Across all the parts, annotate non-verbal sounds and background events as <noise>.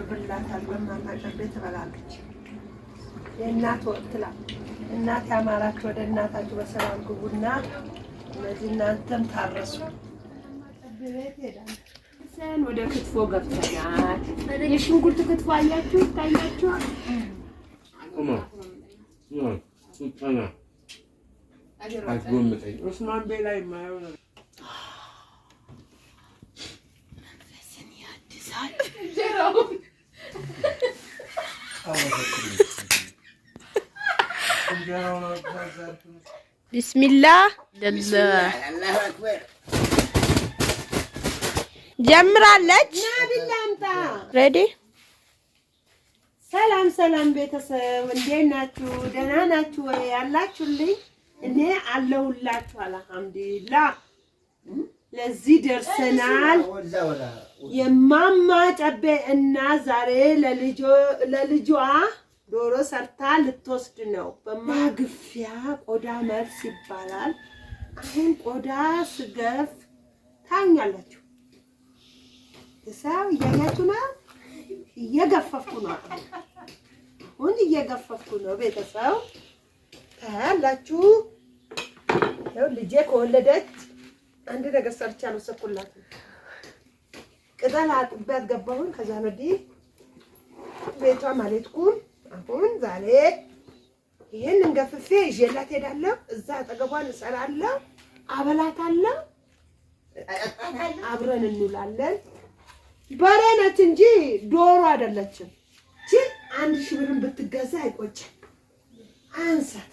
እናቀርብላታል በማናቀርብ ትበላለች። የእናት ወጥ ትላል እናት ያማራችሁ ወደ እናታችሁ በሰላም ግቡና እነዚህ እናንተም ታረሱ። ወደ ክትፎ ገብተናል። የሽንኩርት ክትፎ አያችሁ መንፈስን ያድሳል። ቢስሚላ ጀምራለች። ሬዲ ሰላም ሰላም፣ ቤተሰብ እንዴት ናችሁ? ደህና ናችሁ ወይ? ያላችሁልኝ እኔ አለሁላችሁ። አልሐምዱሊላህ ለዚህ ደርሰናል። የማማ ጨቤ እና ዛሬ ለልጇ ዶሮ ሰርታ ልትወስድ ነው። በማግፊያ ቆዳ መርስ ይባላል። አሁን ቆዳ ስገፍ ታኛላችሁ። ሰው እያያችሁ ነው። እየገፈፍኩ ነው። አሁን እየገፈፍኩ ነው። ቤተሰብ ታያላችሁ። ልጄ ከወለደች አንድ ነገር ሰርቻ አልወሰድኩላትም። ቅጠል አጥቤያት ገባሁን። ከዛ ወዲህ ቤቷ አልሄድኩም። አሁን ዛሬ ይሄን እንገፍፌ ይዤላት ሄዳለሁ። እዛ አጠገቧን እሰራለሁ፣ አበላታለሁ፣ አብረን እንውላለን። በሬ ነች እንጂ ዶሮ አይደለችም። አንድ ሺህ ብርን ብትገዛ አይቆጭም። አንሳት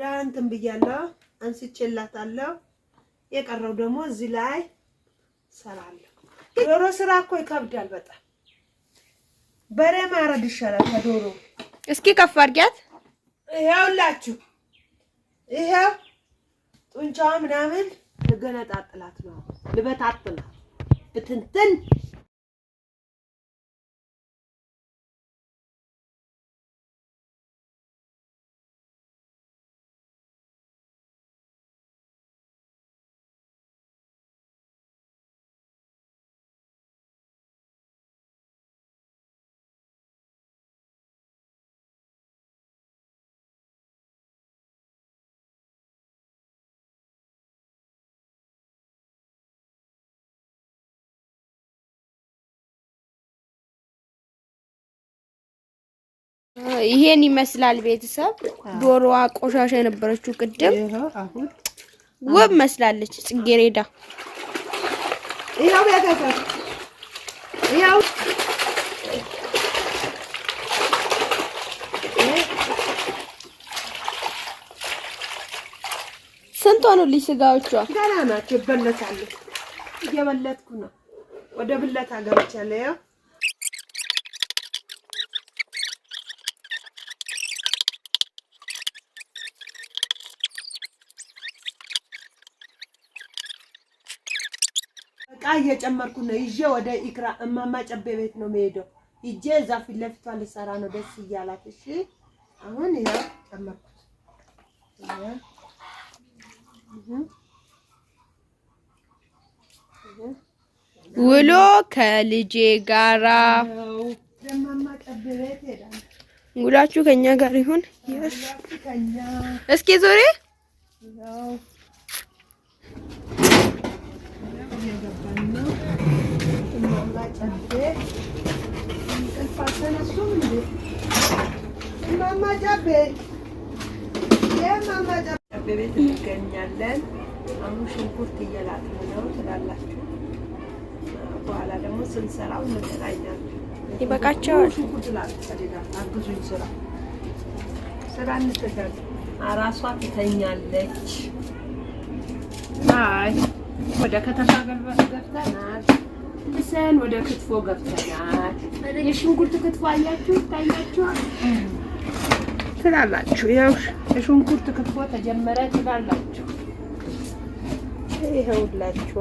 ዳንትን ብያለሁ አንስቼላታለሁ። የቀረው ደግሞ እዚህ ላይ ሰራለሁ። ዶሮ ስራ እኮ ይከብዳል በጣም በሬ ማረድ ይሻላል ከዶሮ። እስኪ ከፍ አድርጊያት። ይኸውላችሁ ይኸው ጡንቻዋ ምናምን ልገነጣጥላት ነው ልበታጥላት ብትንትን ይሄን ይመስላል ቤተሰብ። ዶሮዋ ቆሻሻ የነበረችው ቅድም ውብ መስላለች። ጽጌሬዳ ስንት ልጅ ስጋዎቿ ገና ናቸው። ይበለታሉ። እየበለትኩ ነው። ወደ ብለት ብለታ ገብቻለሁ። እቃ እየጨመርኩ ነው ይዤ ወደ ኢክራ እማማ ጨቤ ቤት ነው የምሄደው። ይዤ እዛ ፊት ለፊቷ ልሰራ ነው ደስ እያላት። እሺ አሁን ያ ጨመርኩት። ውሎ ከልጄ ጋራ ውላችሁ ከኛ ጋር ይሁን። እስኪ ዞሬ እየገባን ነው። ሞላ ጨቤ እንቅልፍ አልተነሱም እንዴ? እማማ ጨቤ የእማማ ጨቤ ቤት እንገኛለን። አሁን ሽንኩርት እየላጥን ነው ትላላችሁ። በኋላ ደግሞ ስንሰራው እንገናኛለን። ይበቃቸዋል። ሽንኩርት አግዙኝ፣ ስራ ስራ እንትጋል። እራሷ ትተኛለች። አይ ወደ ከተማ ገልበስ ገብተናል። መልሰን ወደ ክትፎ ገብተናል። የሽንኩርት ክትፎ አያችሁ፣ ይታያችኋል ትላላችሁ። የሽንኩርት ክትፎ ተጀመረ ትላላችሁ። ይኸውላችኋ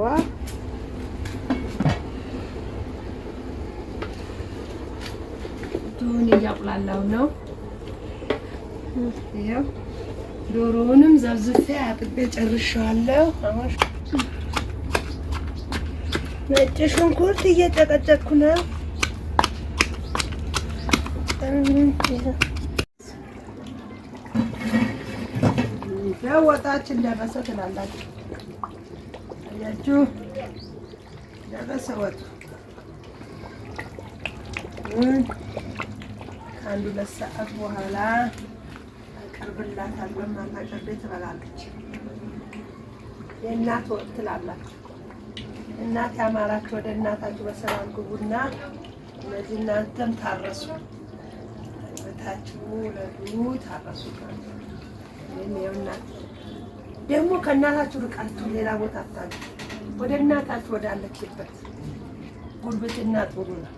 ቱን እያቁላላው ነው። ይኸው ዶሮውንም ዘብዝፌ አጥቤ ጨርሻለሁ። ነጭ ሽንኩርት እየጨቀጨቅኩ ነው። ወጣችን ደረሰ ትላላችሁ። አያችሁ ደረሰ ወጡ። አንዱ ሁለት ሰዓት በኋላ አቀርብላታለሁ። ማናቀርቤ ትበላለች። የእናት ወጥ ትላላችሁ እናት ያማራችሁ ወደ እናታችሁ በሰላም ግቡና እነዚህ እናንተም ታረሱ፣ ታችሁ ለዱ ታረሱ። ይህም የእናት ደግሞ ከእናታችሁ ርቃችሁ ሌላ ቦታ አታሉ፣ ወደ እናታችሁ ወዳለችበት ጉልብትና ጥሩ ነው።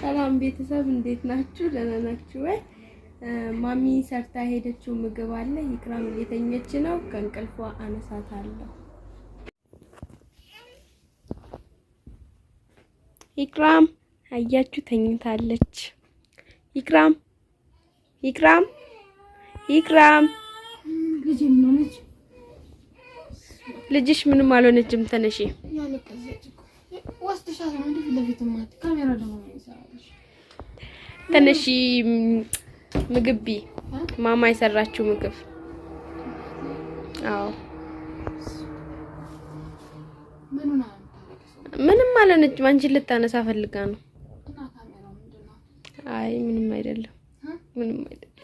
ሰላም ቤተሰብ እንዴት ናችሁ? ደህና ናችሁ ወይ? ማሚ ሰርታ ሄደችው ምግብ አለ። ይክራም እየተኘች ነው። ከእንቅልፏ አነሳታለሁ። ይክራም አያችሁ ተኝታለች። ይክራም ይክራም ይክራም ልጅ ልጅሽ ምንም አልሆነችም። ተነሺ ተነሺ፣ ምግብ ማማ የሰራችው ምግብ። አዎ ምንም አልሆነችም። አንቺን ልታነሳ ፈልጋ ነው። አይ ምንም አይደለም፣ ምንም አይደለም።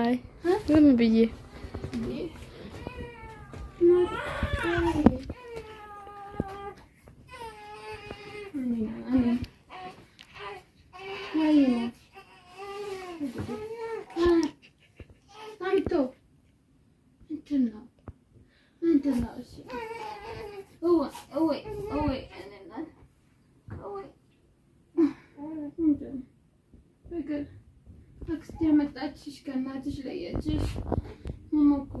አይ ዝም ብዬ አክስቴ ያመጣችሽ ከእናትሽ ለየችሽ። መሞኩ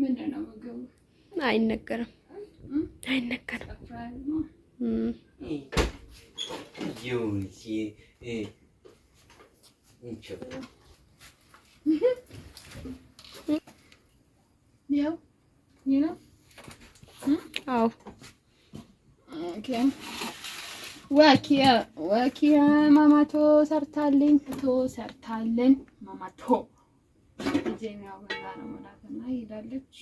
ምንድን ነው ምግቡ? አይነገርም አይነገርም። አዎ ወኪያ ማማቶ ሰርታለኝ ፎቶ ሰርታለኝ ማማቶ ልጄን ያው ነው መላትና ይሄዳለች።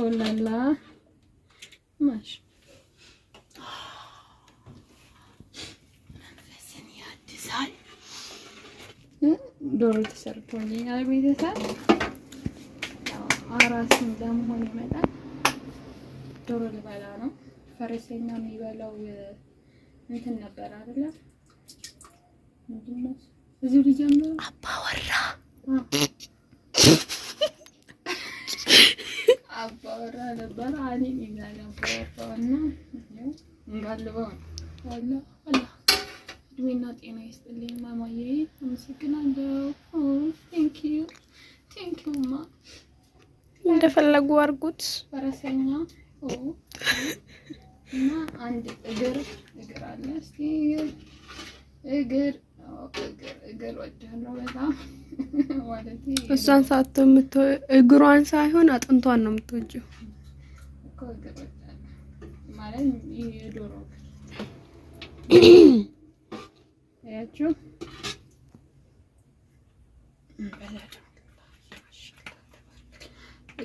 ኦላላ ማሽ መንፈስን ያድሳል። ዶሮ ተሰርቶልኛል። ቤተሰብ አራስን ለመሆን ይመጣል ዶሮ ልበላ ነው። ፈረሰኛ የሚበላው እንትን ነበር አይደለ? ምንድነው እዚሁ ልጀምር። አባወራ አባወራ ነበር። አኔ ይላል አባወራና እንጋልበው አላ አላ እድሜና ጤና ይስጥልኝ ማማዬ፣ አመሰግናለሁ። ቴንክ ዩ ቴንክ ዩ ማ እንደፈለጉ አድርጉት ፈረሰኛ እና አንድ እግር እግር አለ። እስኪ እግር እግር ወዳለው በጣም <laughs> እሷን ሳቶ የምት እግሯን ሳይሆን አጥንቷን ነው የምትወጂው ማለት ይሄ ዶሮ <clears throat> ያችሁ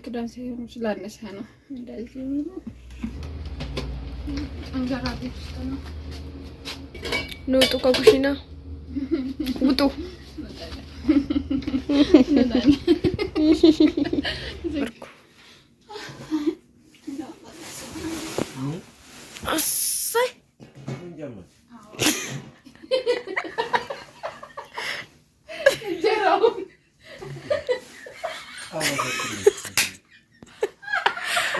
ቅዳን ሲሆኑ ስላነሰ ነው እንደዚህ ሆኑ። እንጀራ ቤት ውስጥ ነው። ኑ ውጡ፣ ከኩሽና ውጡ።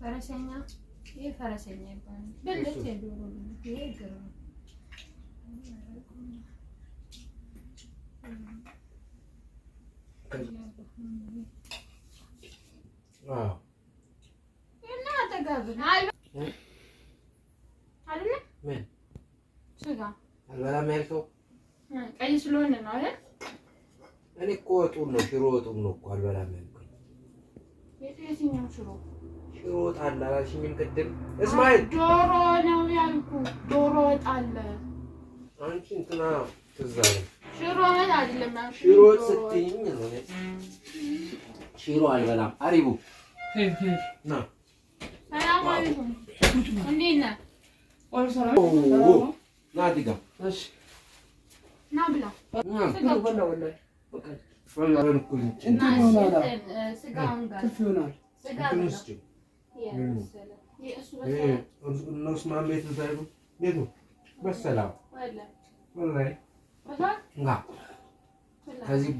ፈረሰኛ ይሄ ፈረሰኛ ይባላል። በለት የዶሮ ይሄ ግር ቀይ ስለሆነ ነው እኔ እኮ ወጡን ነው ሽሮ ወጡን ነው እኮ አልበላም ያልከው የትኛው ሽሮ ሽሮ ጣል አላልሽኝም ቅድም? እስማኤል ዶሮ ነው ያልኩህ። ዶሮ ወጥ አለ። አንቺ እንትና ትዝ አለኝ። ሽሮ ወጥ አይደለም ሽሮ ስትይኝ ነው። ሽሮ አልበላም። አሪቡ ና እንዴት ነህ? ና ዲጋ ና ብላ ከዚህ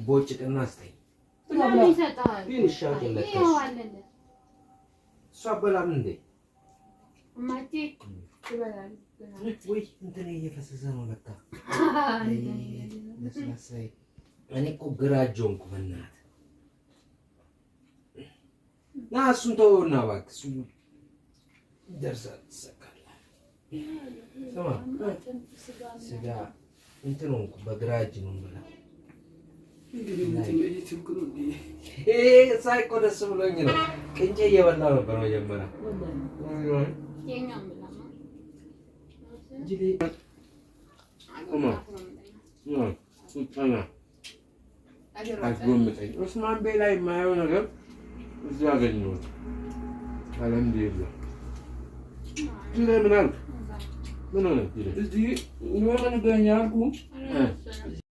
ቦጭ ጥና ስተይ እሷ በላም እንዴ ወይ እንትን እየፈሰሰ ነው ለካ እኔ እኮ ግራ ጆንኩ በእናትህ ና እሱን ተወውና እባክህ እሱ ይደርሳል ትሰካለህ ስጋ እንትን ሆንኩ በግራ እጅ ነው የምልህ ሳይ ደስ ብሎኝ ነው እየበላ ነበር መጀመሪያ አስጎምጠኝ ኡስማን ቤ ላይ የማየው ነገር እዚያ አገኘሁት። አልሐምዱሊላህ ድሬ ምን አልክ? ምን ሆነ? እዚህ የሆነ ነገር